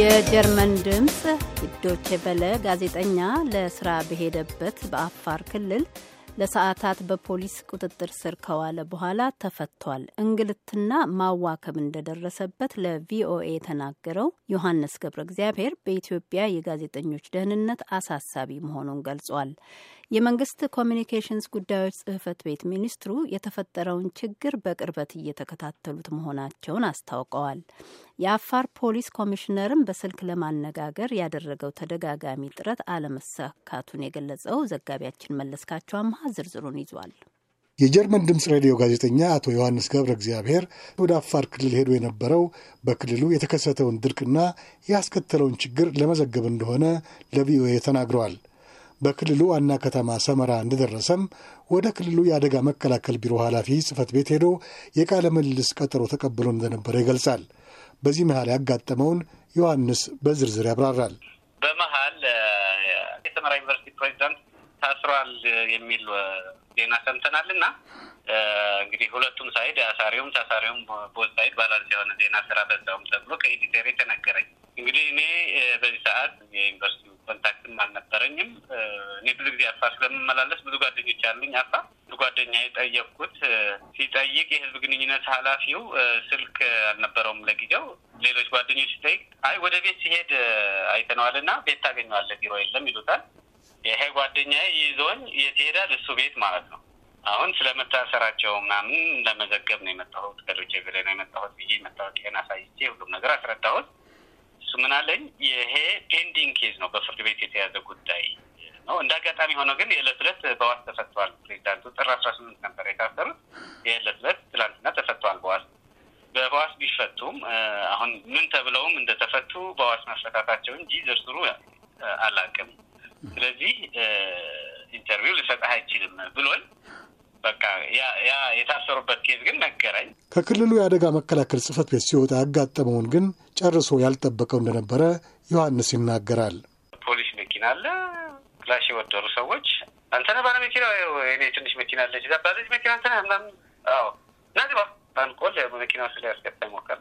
የጀርመን ድምፅ ዶቼ በለ ጋዜጠኛ ለስራ በሄደበት በአፋር ክልል ለሰዓታት በፖሊስ ቁጥጥር ስር ከዋለ በኋላ ተፈቷል። እንግልትና ማዋከብ እንደደረሰበት ለቪኦኤ የተናገረው ዮሐንስ ገብረ እግዚአብሔር በኢትዮጵያ የጋዜጠኞች ደህንነት አሳሳቢ መሆኑን ገልጿል። የመንግስት ኮሚኒኬሽንስ ጉዳዮች ጽህፈት ቤት ሚኒስትሩ የተፈጠረውን ችግር በቅርበት እየተከታተሉት መሆናቸውን አስታውቀዋል። የአፋር ፖሊስ ኮሚሽነርም በስልክ ለማነጋገር ያደረገው ተደጋጋሚ ጥረት አለመሳካቱን የገለጸው ዘጋቢያችን መለስካቸው አምሃ ዝርዝሩን ይዟል። የጀርመን ድምፅ ሬዲዮ ጋዜጠኛ አቶ ዮሐንስ ገብረ እግዚአብሔር ወደ አፋር ክልል ሄዶ የነበረው በክልሉ የተከሰተውን ድርቅና ያስከተለውን ችግር ለመዘገብ እንደሆነ ለቪኦኤ ተናግረዋል። በክልሉ ዋና ከተማ ሰመራ እንደደረሰም ወደ ክልሉ የአደጋ መከላከል ቢሮ ኃላፊ ጽህፈት ቤት ሄዶ የቃለ ምልልስ ቀጠሮ ተቀብሎ እንደነበረ ይገልጻል። በዚህ መሀል ያጋጠመውን ዮሐንስ በዝርዝር ያብራራል። በመሀል የሰመራ ዩኒቨርሲቲ ፕሬዚዳንት ታስሯል የሚል ዜና ሰምተናል እና እንግዲህ ሁለቱም ሳይድ አሳሪውም ታሳሪውም ቦት ሳይድ ባላንስ የሆነ ዜና ስራ በዛውም ተብሎ ከኤዲተር የተነገረኝ እንግዲህ እኔ በዚህ ሰዓት የዩኒቨርሲቲ ኮንታክትም አልነበረኝም። እኔ ብዙ ጊዜ አፋር ስለምመላለስ ብዙ ጓደኞች ያሉኝ አፋር ብዙ ጓደኛ የጠየቅኩት ሲጠይቅ የህዝብ ግንኙነት ኃላፊው ስልክ አልነበረውም ለጊዜው። ሌሎች ጓደኞች ሲጠይቅ አይ ወደ ቤት ሲሄድ አይተነዋል እና ቤት ታገኘዋለህ ቢሮ የለም ይሉታል። ይሄ ጓደኛ ይዞኝ የት ይሄዳል? እሱ ቤት ማለት ነው። አሁን ስለመታሰራቸው ምናምን ለመዘገብ ነው የመጣሁት ከዶቼ ቬለ ነው የመጣሁት ብዬ መታወቂያን አሳይቼ ሁሉም ነገር አስረዳሁት። እሱ ምን አለኝ ይሄ ፔንዲንግ ኬዝ ነው፣ በፍርድ ቤት የተያዘ ጉዳይ ነው። እንደ አጋጣሚ ሆነው ግን የዕለት ዕለት በዋስ ተፈቷል። ፕሬዚዳንቱ ጥር አስራ ስምንት ነበር የታሰሩት። የዕለት ዕለት ትላንትና ተፈቷል በዋስ በዋስ ቢፈቱም አሁን ምን ተብለውም እንደተፈቱ በዋስ መፈታታቸው እንጂ ዝርዝሩ አላውቅም። ስለዚህ ኢንተርቪው ልሰጥህ አይችልም ብሎን በቃ ያ የታሰሩበት ኬዝ ግን ነገረኝ። ከክልሉ የአደጋ መከላከል ጽሕፈት ቤት ሲወጣ ያጋጠመውን ግን ጨርሶ ያልጠበቀው እንደነበረ ዮሐንስ ይናገራል። ፖሊስ መኪና አለ፣ ክላሽ የወደሩ ሰዎች አንተነ ባለ መኪና እኔ ትንሽ መኪና አለች ዛ ባለች መኪና አንተነ ምናምን አዎ ናዚ ባንቆል መኪና ውስጥ ሊያስገባ ሞከር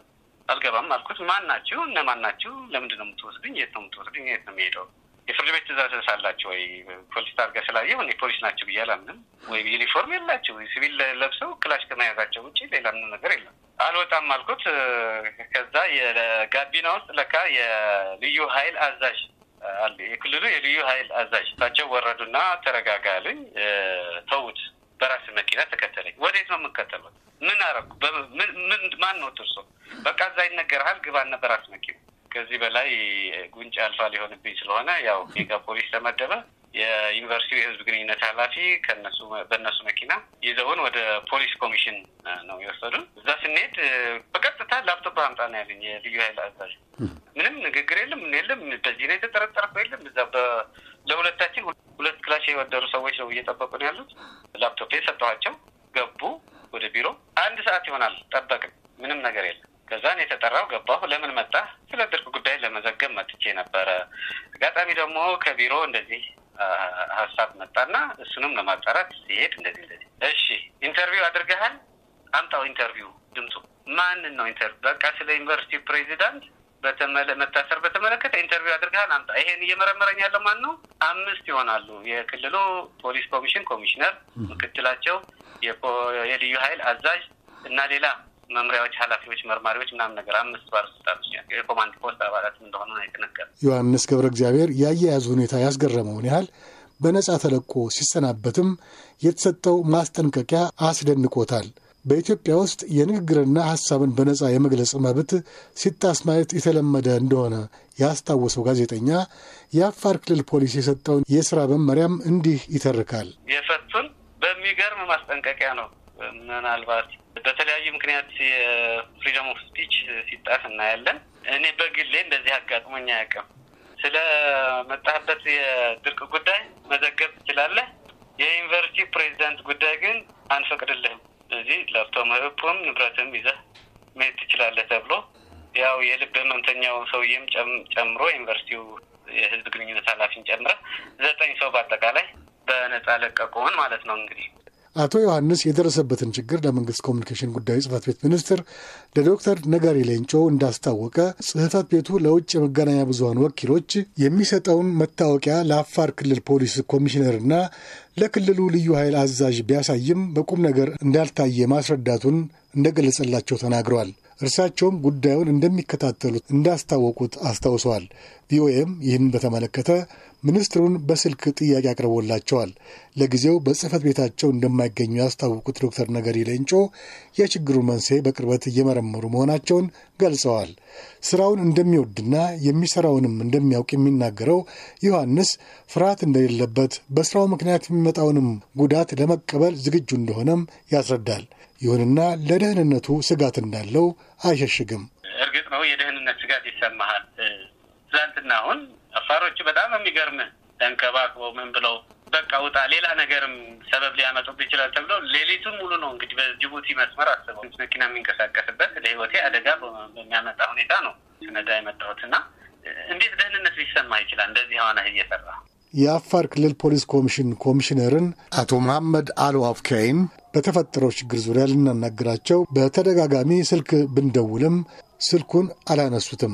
አልገባም አልኩት። ማን ናችሁ? እነማን ናችሁ? ለምንድን ነው የምትወስድኝ? የት ነው የምትወስድኝ? የት ነው የሚሄደው የፍርድ ቤት ትእዛዝ ሳላቸው ወይ ፖሊስ ታርጋ ስላየ ሆ ፖሊስ ናቸው ብዬ አላምንም። ወይ ዩኒፎርም የላቸው ሲቪል ለብሰው ክላሽ ከመያዛቸው ውጭ ሌላ ምንም ነገር የለም። አልወጣም አልኩት። ከዛ የጋቢና ውስጥ ለካ የልዩ ኃይል አዛዥ አለ። የክልሉ የልዩ ኃይል አዛዥ እሳቸው ወረዱና ተረጋጋ አሉኝ። ተዉት፣ በራስ መኪና ተከተለኝ። ወዴት ነው የምከተሉት? ምን አረኩ? ምን ማን ነው ትርሶ? በቃ እዛ ይነገርሃል፣ ግባና በራስ መኪና ከዚህ በላይ ጉንጭ አልፋ ሊሆንብኝ ስለሆነ ያው ሜጋ ፖሊስ ተመደበ። የዩኒቨርሲቲው የህዝብ ግንኙነት ኃላፊ ከነሱ በእነሱ መኪና ይዘውን ወደ ፖሊስ ኮሚሽን ነው የወሰዱን። እዛ ስንሄድ በቀጥታ ላፕቶፕ አምጣ ነው ያለኝ የልዩ ኃይል አዛዥ። ምንም ንግግር የለም የለም። በዚህ ላይ የተጠረጠርኩ የለም። እዛ ለሁለታችን ሁለት ክላሽ የወደሩ ሰዎች ነው እየጠበቁ ነው ያሉት። ላፕቶፕ የሰጠኋቸው ገቡ ወደ ቢሮ። አንድ ሰዓት ይሆናል ጠበቅን። ምንም ነገር የለም። ከዛን የተጠራው ገባሁ። ለምን መጣ? ስለ ድርቅ ጉዳይ ለመዘገብ መጥቼ ነበረ። አጋጣሚ ደግሞ ከቢሮ እንደዚህ ሀሳብ መጣና እሱንም ለማጣራት ሲሄድ እንደዚህ እንደዚህ፣ እሺ ኢንተርቪው አድርገሃል? አምጣው ኢንተርቪው ድምፁ ማንን ነው ኢንተር በቃ ስለ ዩኒቨርሲቲ ፕሬዚዳንት መታሰር በተመለከተ ኢንተርቪው አድርገሃል? አምጣ። ይሄን እየመረመረኝ ያለው ማን ነው? አምስት ይሆናሉ። የክልሉ ፖሊስ ኮሚሽን ኮሚሽነር፣ ምክትላቸው፣ የልዩ ኃይል አዛዥ እና ሌላ መምሪያዎች ኃላፊዎች፣ መርማሪዎች ምናምን ነገር አምስት ባለስልጣኖች የኮማንድ ፖስት አባላት እንደሆኑ ነው የተነገረ። ዮሐንስ ገብረ እግዚአብሔር ያያያዙ ሁኔታ ያስገረመውን ያህል በነጻ ተለቆ ሲሰናበትም የተሰጠው ማስጠንቀቂያ አስደንቆታል። በኢትዮጵያ ውስጥ የንግግርና ሀሳብን በነጻ የመግለጽ መብት ሲጣስ ማየት የተለመደ እንደሆነ ያስታወሰው ጋዜጠኛ የአፋር ክልል ፖሊስ የሰጠውን የስራ መመሪያም እንዲህ ይተርካል። የፈቱን በሚገርም ማስጠንቀቂያ ነው። ምናልባት በተለያዩ ምክንያት የፍሪደም ኦፍ ስፒች ሲጣስ እናያለን። እኔ በግሌ እንደዚህ አጋጥሞኝ አያውቅም። ስለ መጣህበት የድርቅ ጉዳይ መዘገብ ትችላለህ። የዩኒቨርሲቲ ፕሬዚዳንት ጉዳይ ግን አንፈቅድልህም። እዚህ ላፕቶፕም ንብረትም ይዘህ መሄድ ትችላለህ ተብሎ ያው የልብ ህመምተኛው ሰውዬም ጨምሮ ዩኒቨርሲቲው የህዝብ ግንኙነት ኃላፊን ጨምረ ዘጠኝ ሰው በአጠቃላይ በነጻ ለቀቁን ማለት ነው እንግዲህ አቶ ዮሐንስ የደረሰበትን ችግር ለመንግስት ኮሚኒኬሽን ጉዳይ ጽህፈት ቤት ሚኒስትር ለዶክተር ነገሪ ሌንጮ እንዳስታወቀ ጽህፈት ቤቱ ለውጭ የመገናኛ ብዙሀን ወኪሎች የሚሰጠውን መታወቂያ ለአፋር ክልል ፖሊስ ኮሚሽነርና ለክልሉ ልዩ ኃይል አዛዥ ቢያሳይም በቁም ነገር እንዳልታየ ማስረዳቱን እንደገለጸላቸው ተናግረዋል። እርሳቸውም ጉዳዩን እንደሚከታተሉት እንዳስታወቁት አስታውሰዋል። ቪኦኤም ይህን በተመለከተ ሚኒስትሩን በስልክ ጥያቄ አቅርቦላቸዋል። ለጊዜው በጽህፈት ቤታቸው እንደማይገኙ ያስታወቁት ዶክተር ነገሪ ሌንጮ የችግሩን መንስኤ በቅርበት እየመረመሩ መሆናቸውን ገልጸዋል። ስራውን እንደሚወድና የሚሰራውንም እንደሚያውቅ የሚናገረው ዮሐንስ ፍርሃት እንደሌለበት በስራው ምክንያት የሚመጣውንም ጉዳት ለመቀበል ዝግጁ እንደሆነም ያስረዳል። ይሁንና ለደህንነቱ ስጋት እንዳለው አይሸሽግም። እርግጥ ነው የደህንነት ስጋት ይሰማሃል። ትናንትና አሁን አፋሮቹ በጣም የሚገርም ተንከባክበው ምን ብለው በቃ ውጣ፣ ሌላ ነገርም ሰበብ ሊያመጡብ ይችላል ተብለው ሌሊቱን ሙሉ ነው እንግዲህ በጅቡቲ መስመር አስበው መኪና የሚንቀሳቀስበት ለህይወቴ አደጋ በሚያመጣ ሁኔታ ነው ስነዳ የመጣሁት እና እንዴት ደህንነት ሊሰማ ይችላል? እንደዚህ ሆነህ እየሰራ የአፋር ክልል ፖሊስ ኮሚሽን ኮሚሽነርን አቶ መሐመድ አሉ አፍካይን በተፈጠረው ችግር ዙሪያ ልናናግራቸው በተደጋጋሚ ስልክ ብንደውልም ስልኩን አላነሱትም።